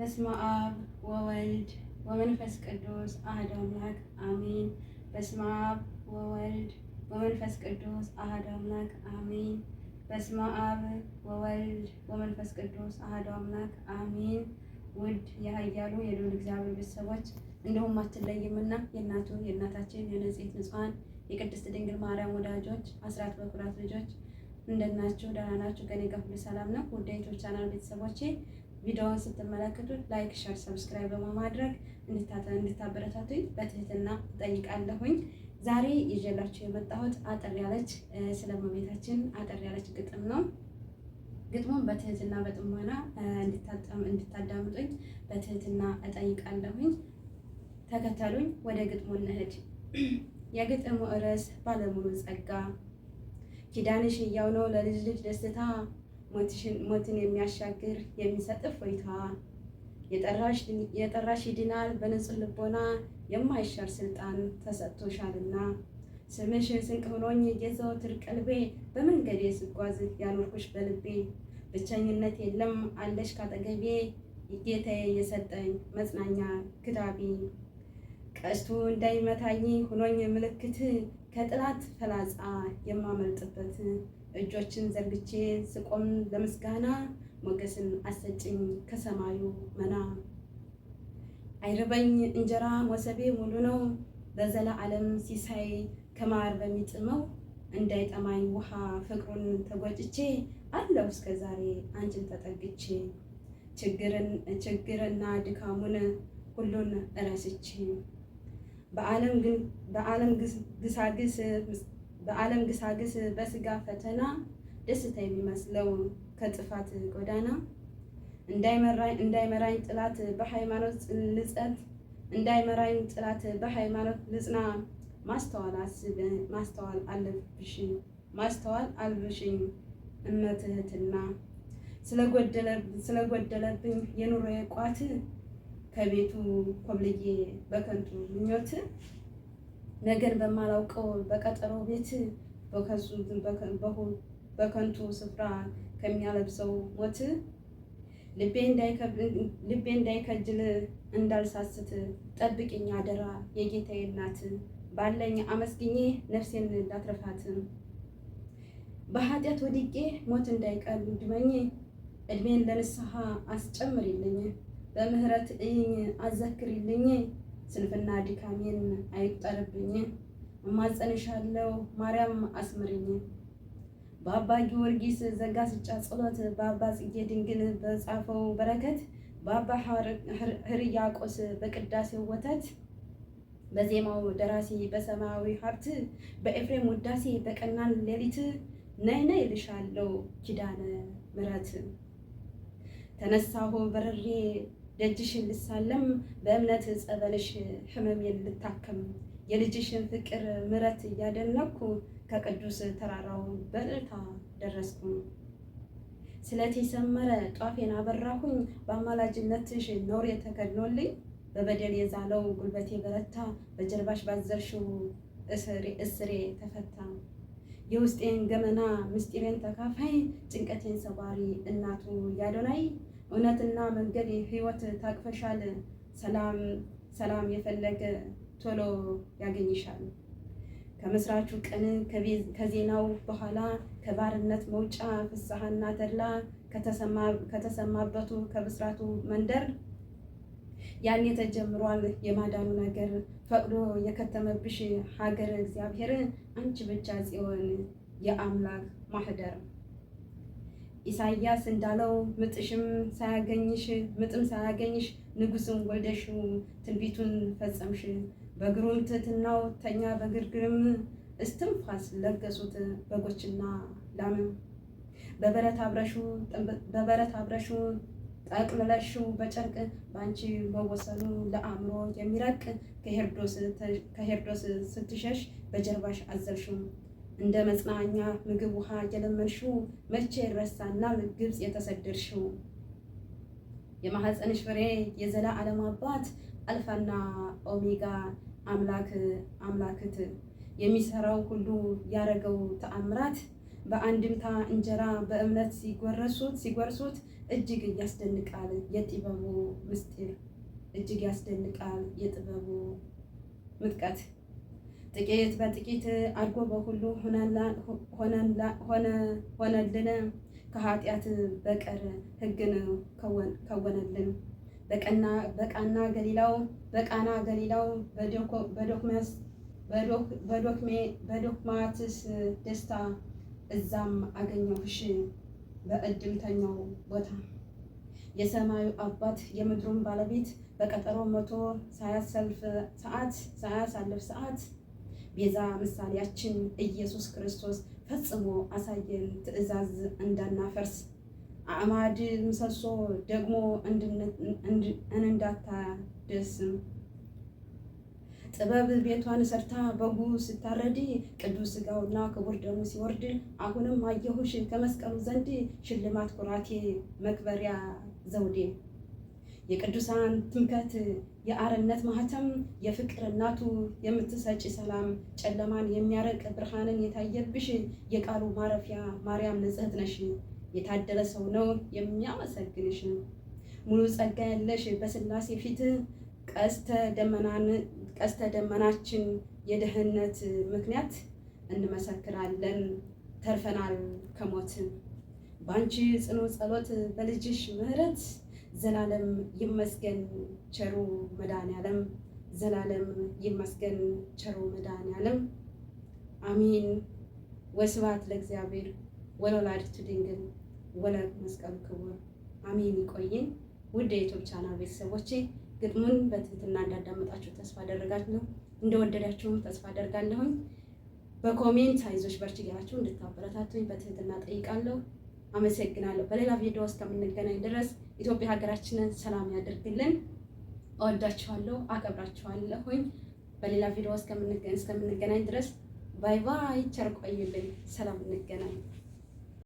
በስመ አብ ወወልድ ወመንፈስ ቅዱስ አሐዱ አምላክ አሜን። በስመ አብ ወወልድ ወመንፈስ ቅዱስ አሐዱ አምላክ አሜን። በስመ አብ ወወልድ ወመንፈስ ቅዱስ አሐዱ አምላክ አሜን። ውድ የኃያሉ የልዑል እግዚአብሔር ቤተሰቦች እንዲሁም አትለይምና የእናቱ የእናታችን የንጽሕት ንጹሐን የቅድስት ድንግል ማርያም ወዳጆች አስራት በኩራት ልጆች እንደናችሁ ደህና ናችሁ? ከእኔ ጋር ሁሉ ሰላም ነው። ውድ የዩቲዩብ ቻናል ቤተሰቦቼ ቪዲዮውን ስትመለከቱት ላይክ፣ ሸር፣ ሰብስክራይብ በማድረግ እንድታበረታቱኝ በትህትና እጠይቃለሁኝ። ዛሬ ይዤላችሁ የመጣሁት አጠር ያለች ስለ እመቤታችን አጠር ያለች ግጥም ነው። ግጥሙን በትህትና በጥሞና እንድታዳምጡኝ በትህትና እጠይቃለሁኝ። ተከተሉኝ፣ ወደ ግጥሙ እንሂድ። የግጥሙ ርዕስ ባለሙሉ ጸጋ ኪዳንሽ ሕያው ነው ለልጅ ልጅ ደስታ ሞትን የሚያሻግር የሚሰጥ እፎይታ የጠራሽ ይድናል በንጹህ ልቦና የማይሻር ስልጣን ተሰጥቶሻልና ስምሽ ስንቅ ሆኖኝ የዘወትር ቀልቤ በመንገድ ስጓዝ ያኖርኩሽ በልቤ ብቸኝነት የለም አለሽ ካጠገቤ ጌታዬ የሰጠኝ መጽናኛ ክዳቢ ቀስቱ እንዳይመታኝ ሆኖኝ ምልክት ከጥላት ፈላጻ የማመልጥበት እጆችን ዘርግቼ ስቆም ለምስጋና ሞገስን አሰጭኝ ከሰማዩ መና። አይርበኝ እንጀራ ወሰቤ ሙሉ ነው በዘላ ዓለም ሲሳይ ከማር በሚጥመው እንዳይጠማኝ ውሃ ፍቅሩን ተጎጭቼ አለው እስከ ዛሬ አንቺን ተጠግቼ ችግርና ድካሙን ሁሉን እረስቼ በዓለም ግሳግስ በዓለም ግሳግስ በስጋ ፈተና ደስታ የሚመስለው ከጥፋት ጎዳና እንዳይመራኝ ጥላት በሃይማኖት ልጸት እንዳይመራኝ ጥላት በሃይማኖት ልጽና ማስተዋል አስብ ማስተዋል አለብሽኝ ማስተዋል አልብሽኝ እመትህትና ስለጎደለብኝ የኑሮ ቋት ከቤቱ ኮብልዬ በከንቱ ምኞት ነገር በማላውቀው በቀጠሮ ቤት በከንቱ በከንቱ ስፍራ ከሚያለብሰው ሞት ልቤ እንዳይከጅል እንዳልሳስት ጠብቅኝ አደራ የጌታዬ እናት ባለኝ አመስግኜ ነፍሴን እንዳትረፋት በኃጢአት ወድቄ ሞት ድመኝ እድሜን ለንስሐ አስጨምሪልኝ በምህረት እይኝ አዘክሪልኝ ስንፍና ድካሜን አይቁጠርብኝ። እማጸንሻለሁ ማርያም አስምርኝ። በአባ ጊዮርጊስ ዘጋስጫ ጸሎት በአባ ጽጌ ድንግል በጻፈው በረከት በአባ ሕርያቆስ በቅዳሴው ወተት በዜማው ደራሲ በሰማያዊ ሀብት በኤፍሬም ውዳሴ በቀናን ሌሊት ነይ ነይ እልሻለሁ ኪዳነ ምሕረት ተነሳሁ በረሬ! ደጅሽን ልሳለም በእምነት ጸበልሽ ሕመሜን ልታከም የልጅሽን ፍቅር ምረት እያደነኩ ከቅዱስ ተራራው በእልታ ደረስኩ። ስለቴ ሰመረ ጧፌን አበራሁኝ በአማላጅነትሽ ኖር የተከድኖልኝ በበደል የዛለው ጉልበቴ በረታ በጀርባሽ ባዘርሽው እስሬ ተፈታ። የውስጤን ገመና ምስጢሬን ተካፋይ ጭንቀቴን ሰባሪ እናቱ ያዶናይ እውነትና መንገድ ህይወት ታቅፈሻል። ሰላም ሰላም የፈለገ ቶሎ ያገኝሻል። ከምስራቹ ቀን ከዜናው በኋላ ከባርነት መውጫ ፍስሐና ተድላ ከተሰማበቱ ከብስራቱ መንደር ያኔ ተጀምሯል የማዳኑ ነገር ፈቅዶ የከተመብሽ ሀገር እግዚአብሔር አንቺ ብቻ ጽዮን የአምላክ ማህደር ኢሳያስ እንዳለው ምጥሽም ሳያገኝሽ ምጥም ሳያገኝሽ ንጉስም ወልደሽ ትንቢቱን ፈጸምሽ። በግሩም ትትናው ተኛ በግርግርም እስትንፋስ ለገሱት በጎችና ላምም በበረት አብረሹ ጠቅልለሽው በጨርቅ በአንቺ መወሰኑ ለአእምሮ የሚረቅ ከሄርዶስ ስትሸሽ በጀርባሽ አዘልሽው። እንደ መጽናኛ ምግብ ውሃ እየለመንሽው መቼ ይረሳና ግብፅ የተሰደድሽው የማህፀንሽ ፍሬ የዘላ ዓለም አባት አልፋና ኦሜጋ አምላክ አምላክት የሚሰራው ሁሉ ያረገው ተአምራት በአንድምታ እንጀራ በእምነት ሲጎረሱት ሲጎርሱት እጅግ ያስደንቃል የጥበቡ ምስጢር እጅግ ያስደንቃል የጥበቡ ምጥቀት ጥቂት በጥቂት አድጎ በሁሉ ሆነልን። ከኃጢአት በቀር ሕግን ከወነልን። በቃና ገሊላው በቃና ገሊላው በዶክማትስ ደስታ እዛም አገኘሁሽ በእድምተኛው ቦታ የሰማዩ አባት የምድሩን ባለቤት በቀጠሮ መቶ ሳያሳልፍ ሰዓት ሳያሳልፍ ሰዓት ቤዛ ምሳሌያችን ኢየሱስ ክርስቶስ ፈጽሞ አሳየን፣ ትእዛዝ እንዳናፈርስ አዕማድ ምሰሶ ደግሞ እንዳታደስም ጥበብ ቤቷን ሰርታ በጉ ስታረድ ቅዱስ ሥጋውና ክቡር ደሙ ሲወርድ አሁንም አየሁሽ ከመስቀሉ ዘንድ ሽልማት ኩራቴ መክበሪያ ዘውዴ የቅዱሳን ትምከት የአርነት ማህተም የፍቅር እናቱ የምትሰጭ ሰላም ጨለማን የሚያረቅ ብርሃንን የታየብሽ የቃሉ ማረፊያ ማርያም ንጽህት ነሽ። የታደለ ሰው ነው የሚያመሰግንሽ። ሙሉ ጸጋ ያለሽ በስላሴ ፊት ቀስተ ደመናችን የደህንነት ምክንያት እንመሰክራለን ተርፈናል ከሞት በአንቺ ጽኑ ጸሎት በልጅሽ ምሕረት ዘላለም ይመስገን ቸሩ መድኃኔዓለም፣ ዘላለም ይመስገን ቸሩ መድኃኔዓለም። አሚን። ወስብሐት ለእግዚአብሔር ወለወላዲቱ ድንግል ወለመስቀሉ ክቡር። አሚን። ይቆይን። ውድ የኢትዮጵያ ቻናል ቤተሰቦቼ ግጥሙን በትህትና እንዳዳመጣችሁ ተስፋ አደረጋለሁ። እንደወደዳችሁም ተስፋ አደርጋለሁኝ። በኮሜንት አይዞሽ በርቺ እያላችሁ እንድታበረታቱኝ በትህትና ጠይቃለሁ። አመሰግናለሁ። በሌላ ቪዲዮ እስከምንገናኝ ድረስ ኢትዮጵያ ሀገራችንን ሰላም ያደርግልን። እወዳችኋለሁ፣ አከብራችኋለሁኝ። በሌላ ቪዲዮ እስከምንገናኝ ድረስ ባይ ባይ፣ ቸር ሰላም እንገናኝ።